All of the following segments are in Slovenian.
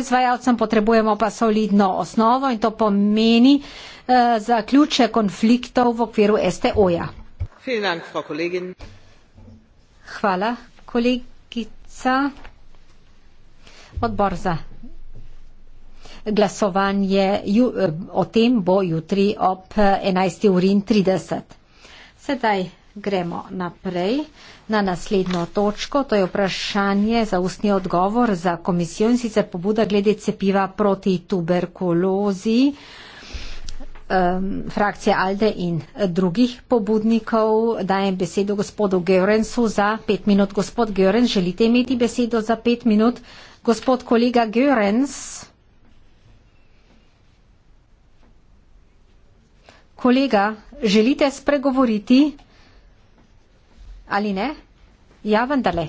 izvajalcem potrebujemo pa solidno osnovo in to pomeni eh, za ključe konfliktov v okviru STO-ja. Hvala, kolegica. Odbor za glasovanje ju, eh, o tem bo jutri ob 11.30. Sedaj Gremo naprej na naslednjo točko, to je vprašanje za ustni odgovor za komisijo in sicer pobuda glede cepiva proti tuberkulozi, um, frakcija Alde in drugih pobudnikov. Dajem besedo gospodu Georensu za pet minut. Gospod Georens, želite imeti besedo za pet minut? Gospod kolega Georens. Kolega, želite spregovoriti? ali ne? Ja, vendarle.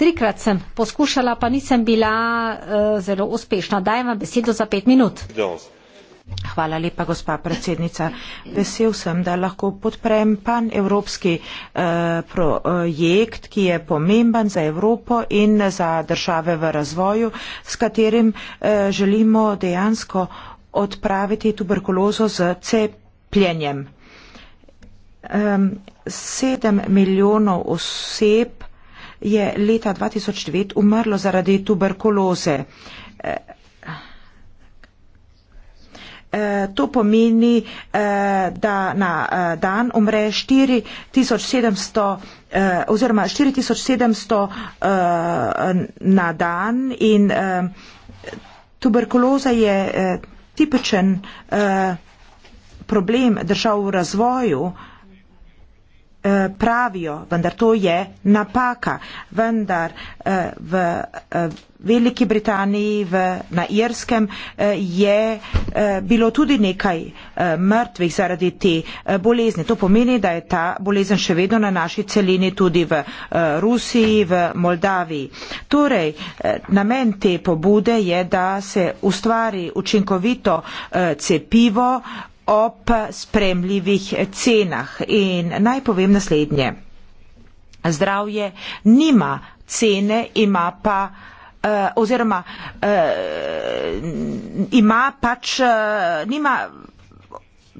Trikrat sem poskušala, pa nisem bila uh, zelo uspešna. Dajem vam besedo za pet minut. Hvala lepa, gospa predsednica. Vesel sem, da lahko podprem pan evropski uh, eh, projekt, ki je pomemben za Evropo in za države v razvoju, s katerim uh, želimo dejansko odpraviti tuberkulozo z cepljenjem um, 7 milijonov oseb je leta 2009 umrlo zaradi tuberkuloze. E, to pomeni, e, da na e, dan umre 4700 oziroma 4700 na dan in tuberkuloza je tipičen problem držav v razvoju. Eh, pravijo, vendar to je napaka. Vendar eh, v eh, Veliki Britaniji, v, na Irskem je bilo tudi nekaj mrtvih zaradi te bolezni. To pomeni, da je ta bolezen še vedno na naši celini, tudi v Rusiji, v Moldaviji. Torej, namen te pobude je, da se ustvari učinkovito cepivo ob spremljivih cenah. In naj povem naslednje. Zdravje nima cene, ima pa eh, oziroma eh, ima pač, eh, nima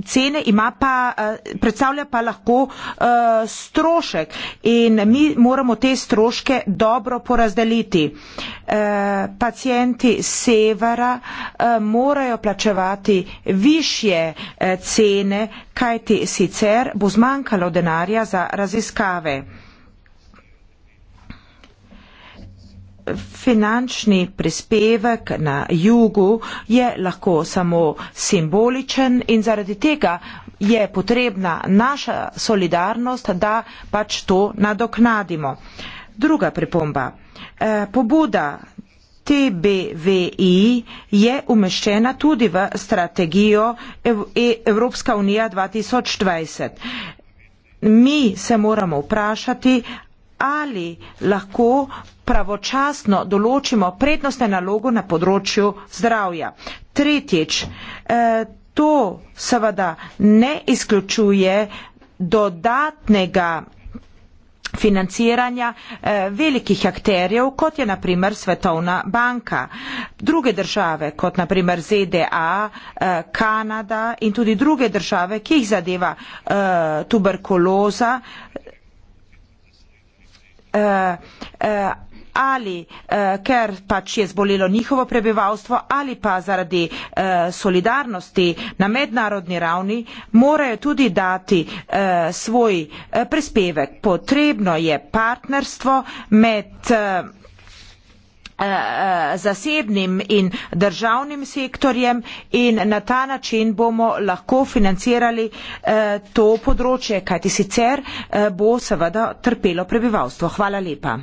cene ima pa, eh, predstavlja pa lahko eh, strošek in mi moramo te stroške dobro porazdeliti. Eh, Pacijenti severa morajo plačevati više cene, kajti sicer bo zmanjkalo denarja za raziskave. finančni prispevek na jugu je lahko samo simboličen in zaradi tega je potrebna naša solidarnost, da pač to nadoknadimo. Druga pripomba. Eh, pobuda TBVI je umeščena tudi v strategijo e-, Evropska unija 2020. Mi se moramo vprašati, ali lahko pravočasno določimo prednostne nalogo na področju zdravja. Tretjič, eh, to seveda ne izključuje dodatnega financiranja eh, velikih akterjev, kot je naprimer Svetovna banka. Druge države, kot naprimer ZDA, eh, Kanada in tudi druge države, ki jih zadeva tuberkuloza, Eh, eh, ali eh, ker pač je zbolelo njihovo prebivalstvo ali pa zaradi eh, solidarnosti na mednarodni ravni, morajo tudi dati eh, svoj eh, prispevek. Potrebno je partnerstvo med. Eh, Eh, eh, zasebnim in državnim sektorjem in na ta način bomo lahko financirali eh, to področje, kajti sicer bo seveda trpelo prebivalstvo. Hvala lepa.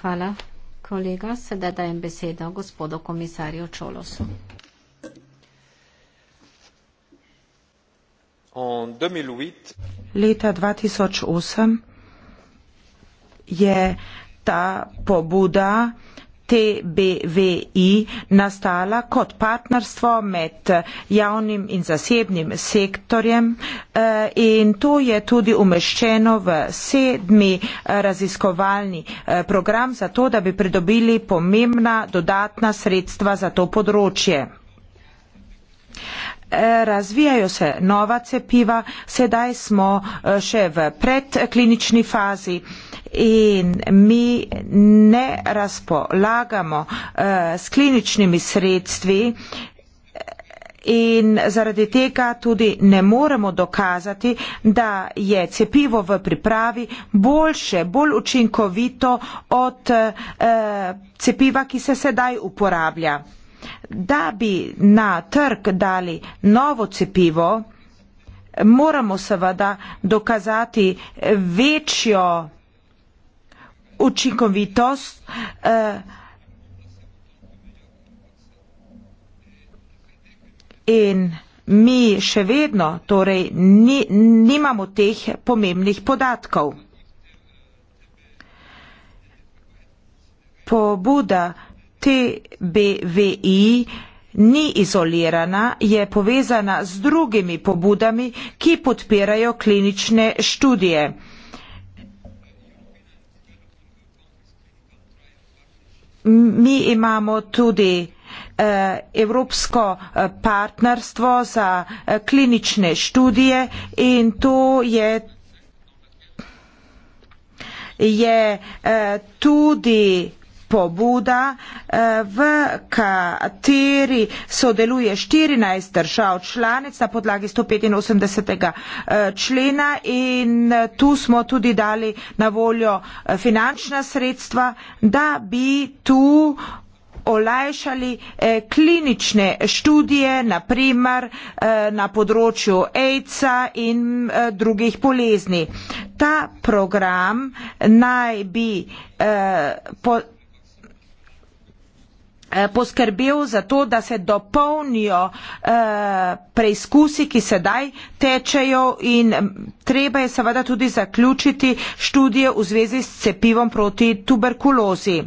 Hvala. Kolega, sedaj dajem besedo gospodu komisarju Čolosu. Leta 2008 je ta pobuda TBVI nastala kot partnerstvo med javnim in zasebnim sektorjem eh, in to je tudi umeščeno v sedmi eh, raziskovalni eh, program za to, da bi pridobili pomembna dodatna sredstva za to področje. E, razvijajo se nova cepiva, sedaj smo e, še v predklinični fazi in mi ne razpolagamo e, s kliničnimi sredstvi in zaradi tega tudi ne moremo dokazati, da je cepivo v pripravi boljše, bolj učinkovito od cepiva, ki se sedaj uporablja da bi na trg dali novo cepivo, moramo seveda dokazati večjo učinkovitost eh, in mi še vedno torej nimamo teh pomembnih podatkov. Pobuda TBVI ni izolirana, je povezana z drugimi pobudami, ki podpirajo klinične študije. Mi imamo tudi eh, Evropsko eh, partnerstvo za eh, klinične študije in to je, je tudi pobuda, eh, v kateri sodeluje 14 držav članic na podlagi 185. Eh, člena in tu smo tudi dali na voljo eh, finančna sredstva, da bi tu olajšali eh, klinične študije, naprimer eh, na področju AIDS-a in eh, drugih bolezni. Ta program naj bi eh, po, Eh, poskrbel za to, da se dopolnijo eh, preizkusi, ki sedaj tečejo in mm, treba je seveda tudi zaključiti študije v zvezi s cepivom proti tuberkulozi.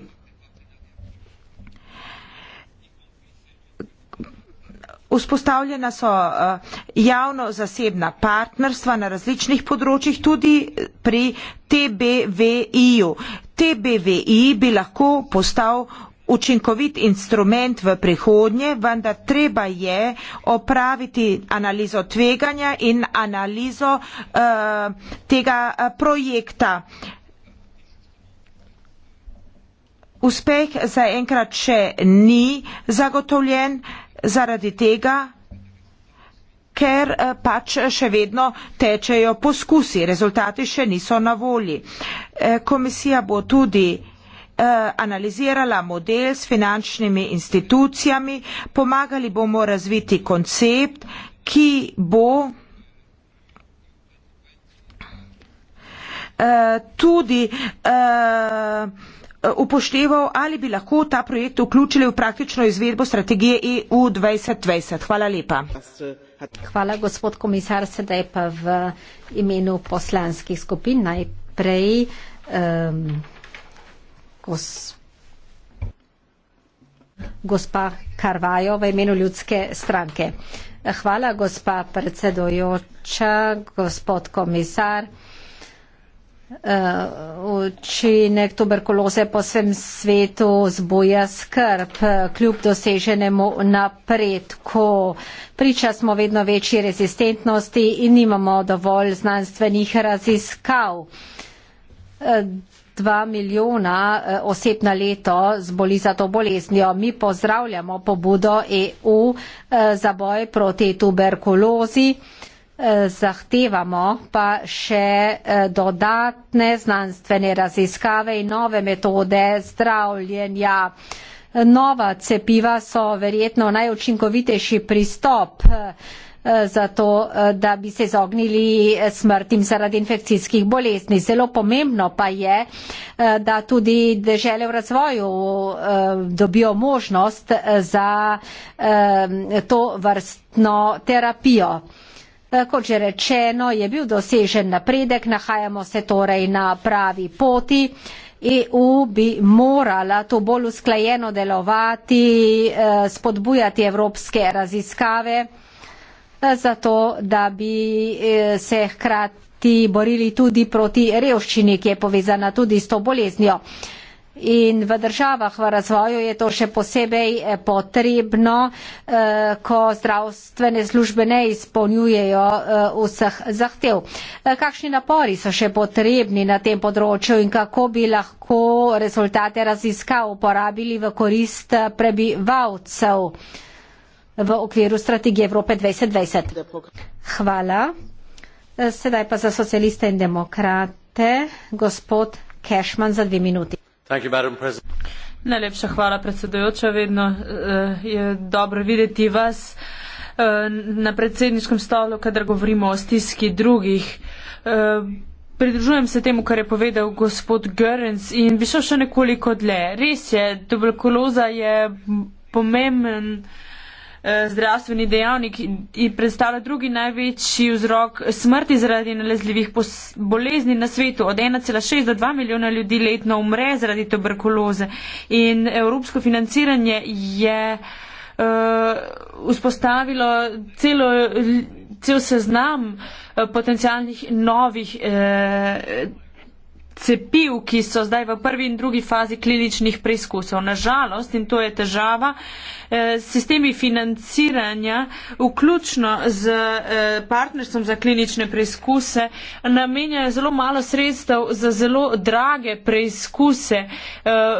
Vzpostavljena so eh, javno-zasebna partnerstva na različnih področjih, tudi pri TBVI-ju. TBVI bi lahko postal učinkovit instrument v prihodnje, vendar treba je opraviti analizo tveganja in analizo uh, tega eh, projekta. Uspeh zaenkrat še ni zagotovljen zaradi tega, ker eh, pač še vedno tečejo poskusi, rezultati še niso na volji. Komisija bo tudi Eh, analizirala model s finančnimi institucijami, pomagali bomo razviti koncept, ki bo eh, tudi eh, upošteval, ali bi lahko ta projekt vključili v praktično izvedbo strategije EU 2020. Hvala lepa. Hvala, gospod komisar, sedaj pa v imenu poslanskih skupin najprej. Um, gos... gospa Karvajo v imenu ljudske stranke. Hvala, gospa predsedojoča, gospod komisar. Eh, učinek tuberkuloze po vsem svetu zbuja skrb kljub doseženemu napredku. Priča smo vedno večji rezistentnosti in nimamo dovolj znanstvenih raziskav. Eh, 2 milijona eh, oseb na leto zboli za to boleznjo. Mi pozdravljamo pobudo EU eh, za boj proti tuberkulozi. Eh, zahtevamo pa še dodatne znanstvene raziskave in nove metode zdravljenja. Nova cepiva so verjetno najučinkovitejši pristop Eh, za to, eh, da bi se izognili eh, smrtim zaradi infekcijskih bolezni. Zelo pomembno pa je, da tudi države v razvoju dobijo možnost za to vrstno terapijo. Kot že rečeno, je bil dosežen napredek, nahajamo se torej na pravi poti. EU bi morala to bolj usklajeno delovati, spodbujati evropske raziskave zato, da bi eh, se hkrati borili tudi proti revščini, ki je povezana tudi s to boleznjo. In v državah v razvoju je to še posebej eh, potrebno, eh, ko zdravstvene službe ne izpolnjujejo vseh zahtev. Kakšni napori so še potrebni na tem področju in kako bi lahko rezultate raziskav uporabili v korist prebivalcev? v okviru strategije Evrope 2020. Hvala. Sedaj pa za socialiste in demokrate, gospod Kešman za dve minuti. Najlepša hvala, predsedujoča. Vedno eh, je dobro videti vas eh, na predsedniškem stolu, kadar govorimo o stiski drugih. Eh, pridružujem se temu, kar je povedal gospod Görens in bi šel še nekoliko dlje. Res je, tuberkuloza je pomemben. Eh, zdravstveni dejavnik in predstavlja drugi največji vzrok smrti zaradi nalezljivih bolezni na svetu. Od 1,6 do 2 milijona ljudi letno umre zaradi tuberkuloze in evropsko financiranje je uh, vzpostavilo celo, cel seznam uh, eh, potencijalnih novih uh, cepiv, ki so zdaj v prvi in drugi fazi kliničnih preizkusov. Nažalost, in to je težava, eh, sistemi financiranja, vključno z eh, partnerstvom za klinične preizkuse, namenjajo zelo malo sredstev za zelo drage preizkuse eh,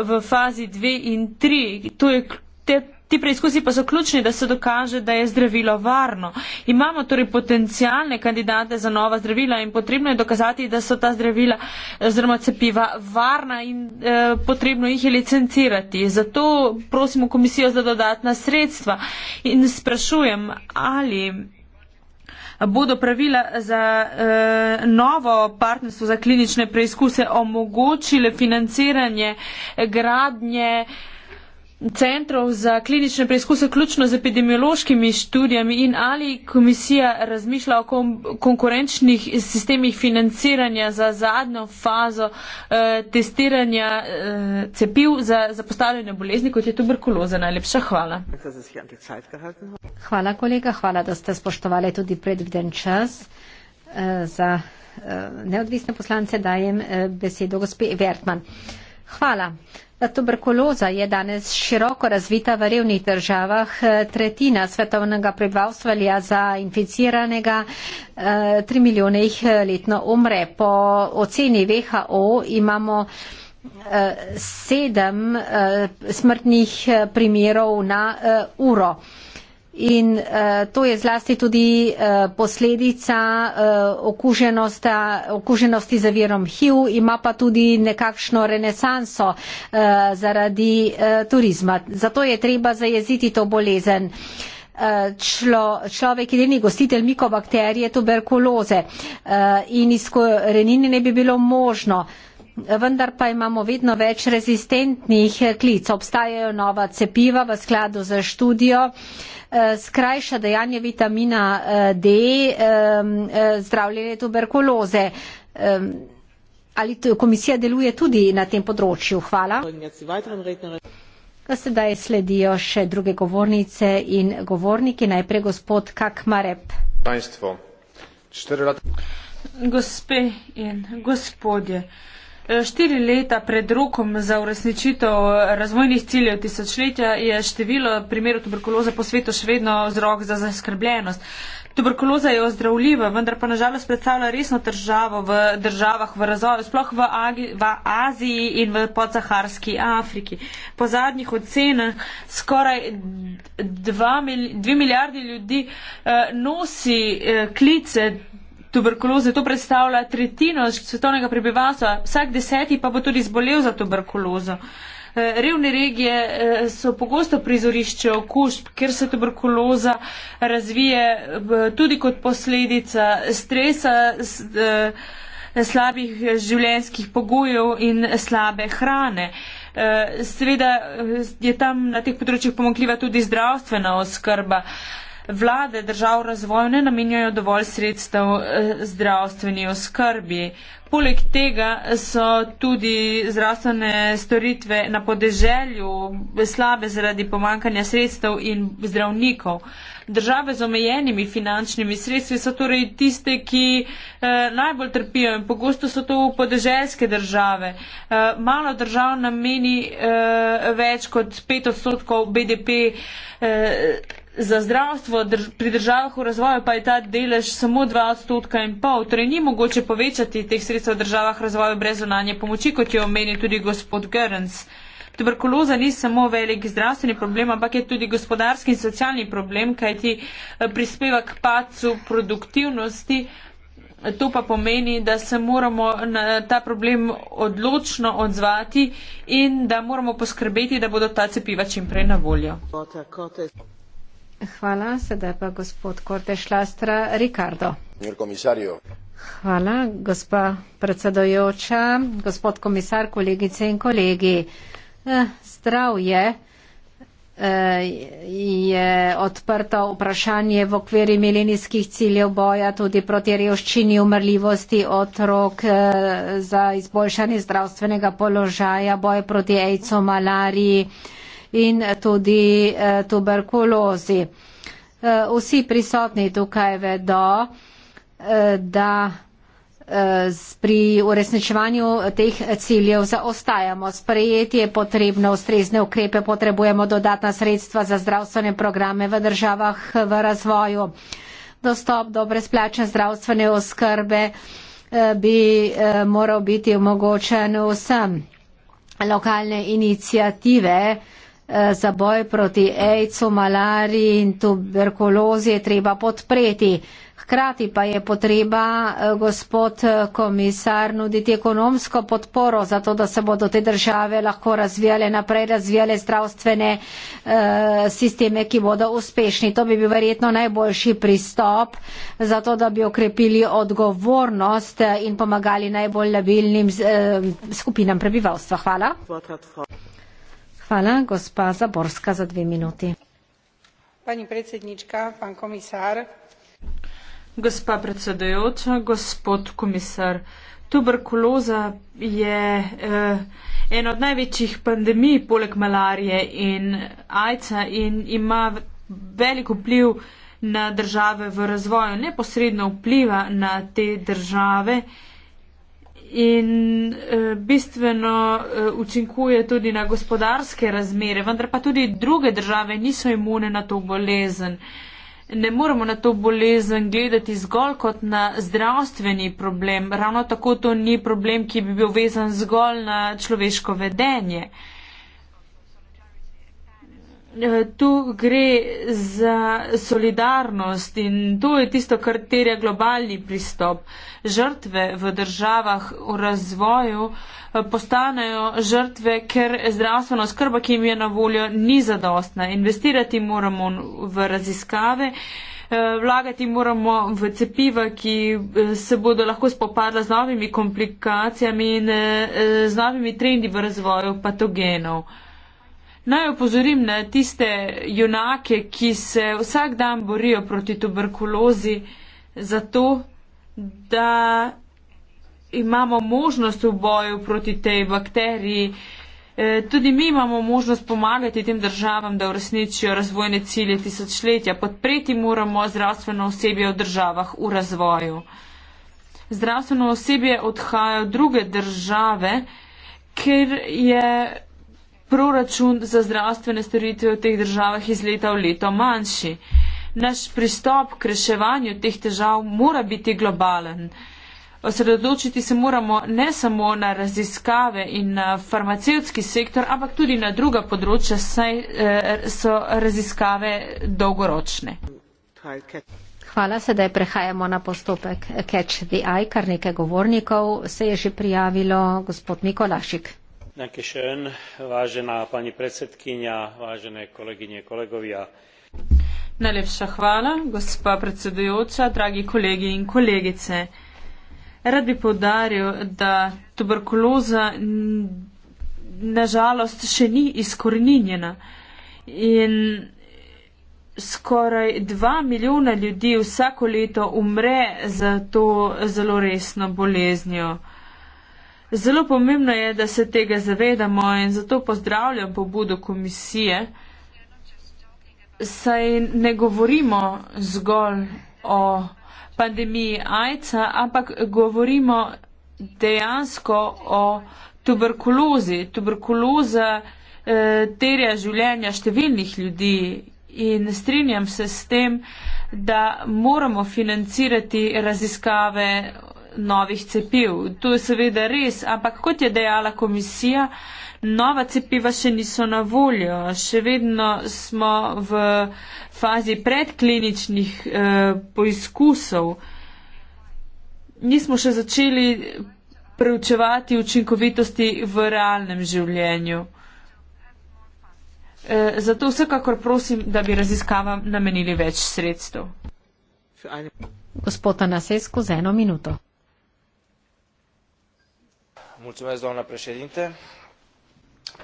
v fazi 2 in 3. Ti preizkusi pa so ključni, da se dokaže, da je zdravilo varno. Imamo torej potencijalne kandidate za nova zdravila in potrebno je dokazati, da so ta zdravila oziroma cepiva varna in eh, potrebno jih je licencirati. Zato prosimo komisijo za dodatna sredstva in sprašujem, ali bodo pravila za eh, novo partnerstvo za klinične preizkuse omogočile financiranje gradnje. Eh, centrov za klinične preizkuse, ključno z epidemiološkimi študijami in ali komisija razmišlja o kom konkurenčnih sistemih financiranja za zadnjo fazo eh, testiranja eh, cepiv za zapostavljene bolezni, kot je tuberkuloza. Najlepša hvala. Hvala, kolega. Hvala, da ste spoštovali tudi predviden čas. Eh, za eh, neodvisne poslance dajem eh, besedo gospe Vertman. Hvala. Tuberkuloza je danes široko razvita v revnih državah. Tretjina svetovnega prebivalstva velja za inficiranega, 3 eh, milijone jih eh, letno umre. Po oceni WHO imamo eh, sedem smrtnih primerov na uro. In uh, to je zlasti tudi uh, posledica uh, okuženosti za virom HIV, ima pa tudi nekakšno renesanso uh, zaradi uh, turizma. Zato je treba zajeziti to bolezen. Člo, človek je deni gostitelj mikobakterije, tuberkuloze uh, in iz korenine ne bi bilo možno uh, vendar pa imamo vedno več rezistentnih klic. Obstajajo nova cepiva v skladu za študijo, eh, skrajša dejanje vitamina eh, D, eh, zdravljenje tuberkuloze. Ali komisija deluje tudi na tem področju? Hvala. Sedaj sledijo še druge govornice in govorniki. Najprej gospod Kakmarep. Gospe in gospodje, Štiri leta pred rokom za uresničitev razvojnih ciljev tisočletja je število primerov tuberkuloze po svetu še vedno vzrok za zaskrbljenost. Tuberkuloza je ozdravljiva, vendar pa nažalost predstavlja resno državo v državah v razvoju, sploh v, Agi, v Aziji in v podsaharski Afriki. Po zadnjih ocenah skoraj 2 mil, milijardi ljudi eh, nosi eh, klice tuberkuloze. To predstavlja tretjino svetovnega prebivalstva, vsak deseti pa bo tudi zbolel za tuberkulozo. Eh, revne regije eh, so pogosto prizorišče okužb, ker se tuberkuloza razvije eh, tudi kot posledica stresa, slabih življenjskih pogojev in slabe hrane. Seveda je tam na teh področjih pomakljiva tudi zdravstvena oskrba vlade držav razvoju ne namenjajo dovolj sredstev eh, zdravstveni oskrbi. Poleg tega so tudi zdravstvene storitve na podeželju slabe zaradi pomankanja sredstev in zdravnikov. Države z omejenimi finančnimi sredstvi so torej tiste, ki eh, najbolj trpijo in pogosto so to podeželske države. Eh, malo držav nameni eh, več kot 5 odstotkov BDP. Eh, za zdravstvo drž pri državah v razvoju pa je ta delež samo 2 odstotka in pol. Torej ni mogoče povečati teh sredstev v državah v razvoju brez zunanje pomoči, kot je omenil tudi gospod Gerns. Tuberkuloza ni samo velik zdravstveni problem, ampak je tudi gospodarski in socialni problem, kajti eh, prispeva k pacu produktivnosti. To pa pomeni, da se moramo na ta problem odločno odzvati in da moramo poskrbeti, da bodo ta cepiva čim prej na voljo. Hvala, sedaj pa gospod Korteš Lastra, Rikardo. Hvala, gospa predsedojoča, gospod komisar, kolegice in kolegi. Eh, zdravje eh, je odprto vprašanje v okviri milenijskih ciljev boja tudi proti revščini umrljivosti otrok eh, za izboljšanje zdravstvenega položaja, boj proti AIDS-u, malariji in tudi eh, tuberkulozi. Eh, vsi prisotni tukaj vedo, eh, da pri uresničevanju teh ciljev zaostajamo. Sprejeti je potrebno ustrezne ukrepe, potrebujemo dodatna sredstva za zdravstvene programe v državah v razvoju. Dostop do brezplačne zdravstvene oskrbe bi moral biti omogočen vsem. Lokalne inicijative Eh, za boj proti AIDS-u, malariji in tuberkulozi je treba podpreti. Hkrati pa je potreba, eh, gospod eh, komisar, nuditi ekonomsko podporo za to, da se bodo te države lahko razvijale naprej, razvijale zdravstvene eh, sisteme, ki bodo uspešni. To bi bil verjetno najboljši pristop za to, da bi okrepili odgovornost in pomagali najbolj labilnim eh, skupinam prebivalstva. Hvala. Hvala, gospa Zaborska, za dve minuti. Pani predsednička, pan komisar. Gospa predsedujoča, gospod komisar. Tuberkuloza je eh, ena od največjih pandemij poleg malarije in ajca in ima velik vpliv na države v razvoju. Neposredno vpliva na te države. Eh, in eh, bistveno eh, učinkuje tudi na gospodarske razmere, vendar pa tudi druge države niso imune na to bolezen. Ne moramo na to bolezen gledati zgolj kot na zdravstveni problem, ravno tako to ni problem, ki bi bil vezan zgolj na človeško vedenje. Tu gre za solidarnost in to je tisto, kar terja globalni pristop. Žrtve v državah v razvoju eh, postanejo žrtve, ker zdravstveno skrba, ki jim je na voljo, ni zadostna. Investirati moramo v raziskave, eh, vlagati moramo v cepiva, ki eh, se bodo lahko spopadla z novimi komplikacijami in z novimi trendi v razvoju patogenov. Naj opozorim na tiste junake, ki se vsak dan borijo proti tuberkulozi, zato da imamo možnost v boju proti tej bakteriji. E, tudi mi imamo možnost pomagati tem državam, da uresničijo razvojne cilje tisočletja. Podpreti moramo zdravstveno osebje v državah v razvoju. Zdravstveno osebje odhaja v druge države, ker je proračun za zdravstvene storitve v teh državah iz leta v leto manjši. Naš pristop k reševanju teh težav mora biti globalen. Osredotočiti se moramo ne samo na raziskave in na farmacevski sektor, ampak tudi na druga področja, saj eh, so raziskave dolgoročne. Hvala, sedaj prehajamo na postopek Catch the Eye, kar nekaj govornikov se je že prijavilo, gospod Nikolašik. Najlepša hvala, gospa predsedujoča, dragi kolegi in kolegice. Rad bi poudaril, da tuberkuloza nažalost še ni izkorninjena in skoraj dva milijona ljudi vsako leto umre za to zelo resno boleznjo. Zelo pomembno je, da se tega zavedamo in zato pozdravljam pobudo komisije, saj ne govorimo zgolj o pandemiji AIDS-a, ampak govorimo dejansko o tuberkulozi. Tuberkuloza eh, terja življenja številnih ljudi in strinjam se s tem, da moramo financirati raziskave novih cepiv. To je seveda res, ampak kot je dejala komisija, nova cepiva še niso na voljo. Še vedno smo v fazi predkliničnih eh, poizkusov. Nismo še začeli preučevati učinkovitosti v realnem življenju. E, zato vsekakor prosim, da bi raziskavam namenili več sredstev. Gospod Anasesko, za eno minuto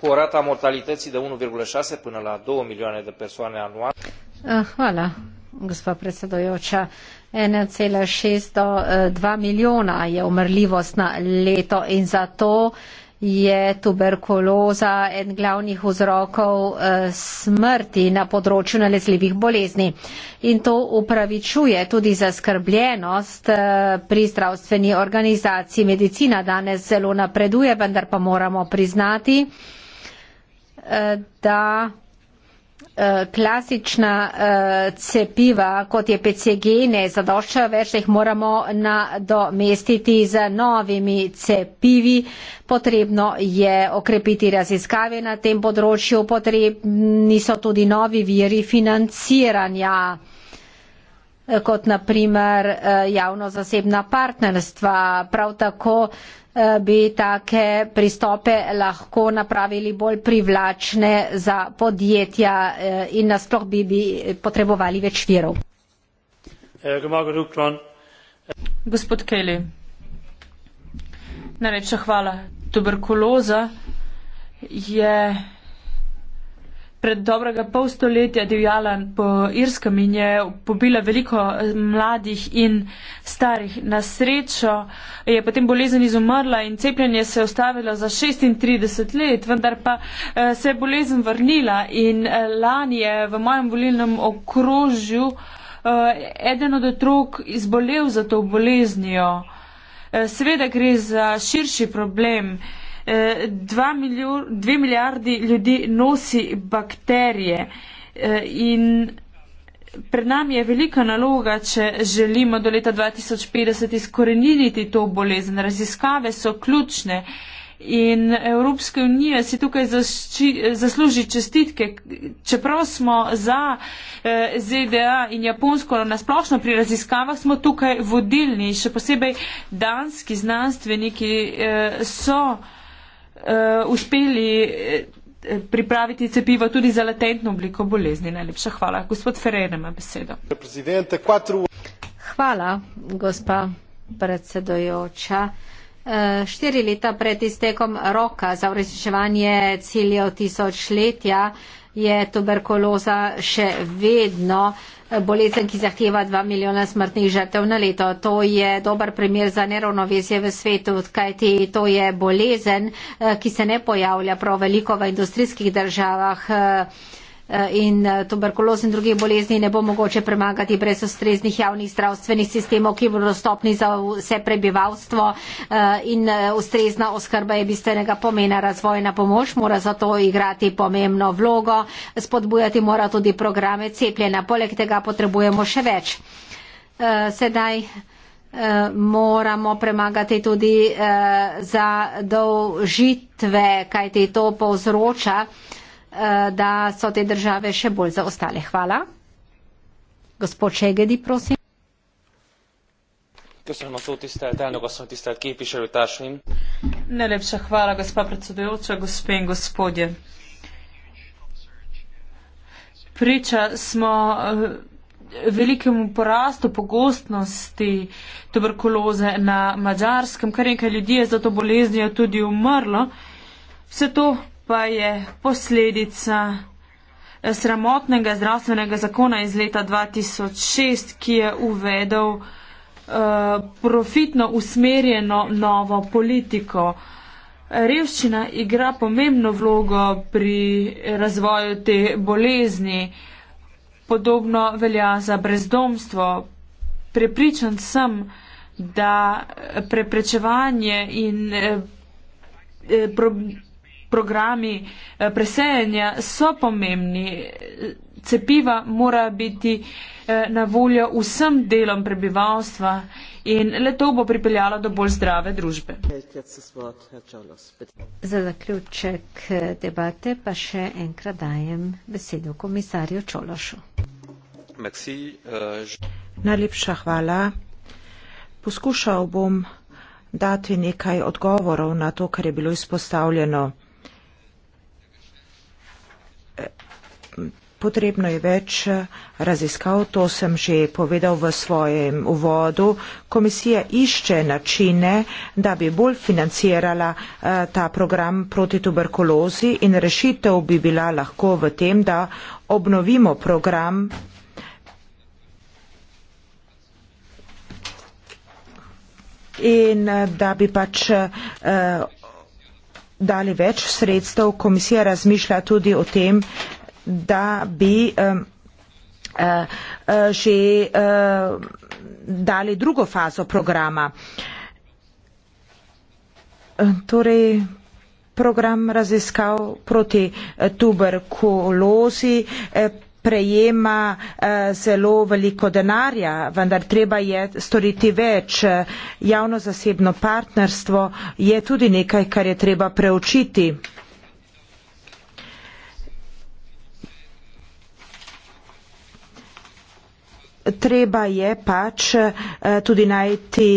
cu o rată a mortalității de 1,6 până la 2 milioane de persoane anual. Ah, hvala, gospa predsedujoča. 1,62 eh, milijona je umrljivost na leto in zato je tuberkuloza en glavnih vzrokov eh, smrti na področju nalezljivih bolezni. In to upravičuje tudi zaskrbljenost eh, pri zdravstveni organizaciji. Medicina danes zelo napreduje, vendar pa moramo priznati, eh, da Eh, klasična uh, cepiva, kot je PCG, ne zadoščajo več, jih moramo nadomestiti z novimi cepivi. Potrebno je okrepiti raziskave na tem področju, potrebni so tudi novi viri financiranja. Eh, kot naprimer eh, javno-zasebna partnerstva. Prav tako eh, bi take pristope lahko napravili bolj privlačne za podjetja in nasploh bi, bi potrebovali več virov. Gospod Kelly, najlepša hvala. Tuberkuloza je pred dobrega pol stoletja divjala po Irskem in je pobila veliko eh, mladih in starih. Na srečo je potem bolezen izumrla in cepljenje se je ustavilo za 36 let, vendar pa eh, se je bolezen vrnila in eh, lani je v mojem volilnem okrožju eden od otrok izbolel za to boleznijo. Seveda gre za širši problem. 2 eh, milijardi ljudi nosi bakterije eh, in pred nami je velika naloga, če želimo do leta 2050 izkoreniniti to bolezen. Raziskave so ključne in Evropska unija si tukaj zaši, zasluži čestitke. Čeprav smo za eh, ZDA in Japonsko nasplošno pri raziskavah, smo tukaj vodilni. Še posebej danski znanstveniki so uh, uspeli eh, pripraviti cepiva tudi za latentno obliko bolezni. Najlepša hvala. Gospod Ferrer ima besedo. Hvala, gospa predsedojoča. Eh, štiri leta pred iztekom roka za uresničevanje ciljev tisočletja je tuberkuloza še vedno bolezen, ki zahteva 2 milijona smrtnih žrtev na leto. To je dober primer za neravnovesje v svetu, kajti to je bolezen, eh, ki se ne pojavlja prav veliko v industrijskih državah. Eh, Eh, in eh, tuberkuloz in druge bolezni ne bo mogoče premagati brez ustreznih javnih zdravstvenih sistemov, ki bodo dostopni za vse prebivalstvo eh, in ustrezna oskrba je bistvenega pomena. Razvojna pomoč mora zato igrati pomembno vlogo, spodbujati mora tudi programe cepljena. Poleg tega potrebujemo še več. Sedaj moramo premagati tudi za dolžitve, kaj te to povzroča. Eh, da so te države še bolj zaostale. Hvala. Gospod Šegedi, prosim. Köszönöm a szót, tisztelt elnök asszony, tisztelt képviselőtársaim. Ne lépse, hvala, gospa predsedujúca, gospén, gospodje. Priča smo eh, velikemu porastu pogostnosti tuberkuloze na Mađarskem, kar nekaj ljudi je za to boleznijo tudi umrlo. Vse to pa je posledica eh, sramotnega zdravstvenega zakona iz leta 2006, ki je uvedel eh, profitno usmerjeno novo politiko. Revščina igra pomembno vlogo pri razvoju te bolezni. Podobno velja za brezdomstvo. Prepričan sem, da eh, preprečevanje in eh, pro, programi eh, presejanja so pomembni. Cepiva mora biti eh, na voljo vsem delom prebivalstva in le to bo pripeljalo do bolj zdrave družbe. Za zaključek eh, debate pa še enkrat dajem besedo komisarju Čološu. Najlepša hvala. Poskušal bom dati nekaj odgovorov na to, kar je bilo izpostavljeno. Potrebno je več eh, raziskav, to sem že povedal v svojem uvodu. Komisija išče načine, da bi bolj financirala eh, ta program proti tuberkulozi in rešitev bi bila lahko v tem, da obnovimo program. In eh, da bi pač eh, dali več sredstev, komisija razmišlja tudi o tem, da bi eh, eh, že eh, dali drugo fazo programa. Torej, program raziskav proti tuberkulozi prejema zelo veliko denarja, vendar treba je storiti več. Javno-zasebno partnerstvo je tudi nekaj, kar je treba preučiti. treba je pač eh, tudi najti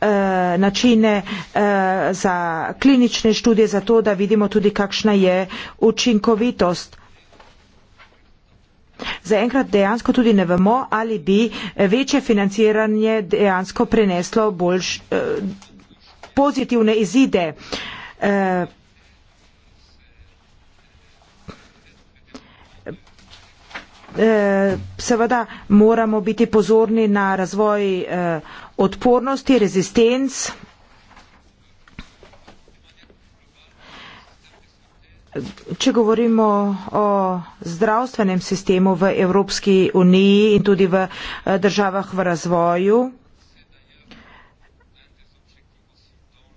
eh, načine eh, za klinične študije, za to, da vidimo tudi, kakšna je učinkovitost. Zaenkrat dejansko tudi ne vemo, ali bi večje financiranje dejansko preneslo bolj pozitivne izide. Eh, seveda moramo biti pozorni na razvoj eh, odpornosti, rezistenc. Če govorimo o zdravstvenem sistemu v Evropski uniji in tudi v eh, državah v razvoju,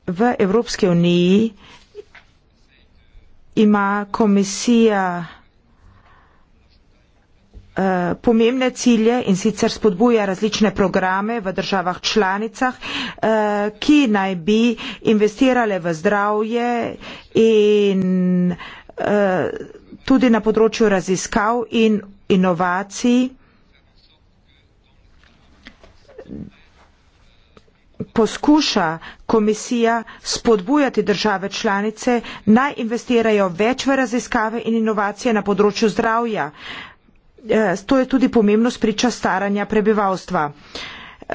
v Evropski uniji ima komisija Eh, pomembne cilje in sicer spodbuja različne programe v državah članicah, eh, ki naj bi investirale v zdravje in eh, tudi na področju raziskav in inovacij. Poskuša komisija spodbujati države članice naj investirajo več v raziskave in inovacije na področju zdravja. Eh, to je tudi pomembno spriča staranja prebivalstva.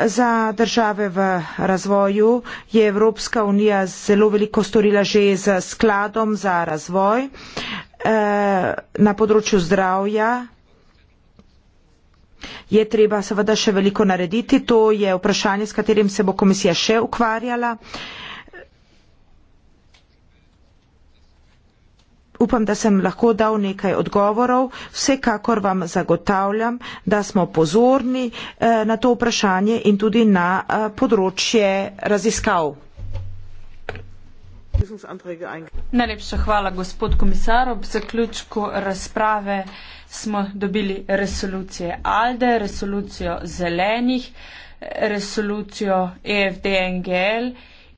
Za države v razvoju je Evropska unija zelo veliko storila že z skladom za razvoj eh, na področju zdravja. Je treba seveda še veliko narediti, to je vprašanje, s katerim se bo komisija še ukvarjala. Uh, upam, da sem lahko dal nekaj odgovorov. Vsekakor vam zagotavljam, da smo pozorni eh, na to vprašanje in tudi na eh, področje raziskav. Najlepša hvala, gospod komisar. Ob zaključku razprave smo dobili resolucije ALDE, resolucijo zelenih, resolucijo EFDNGL.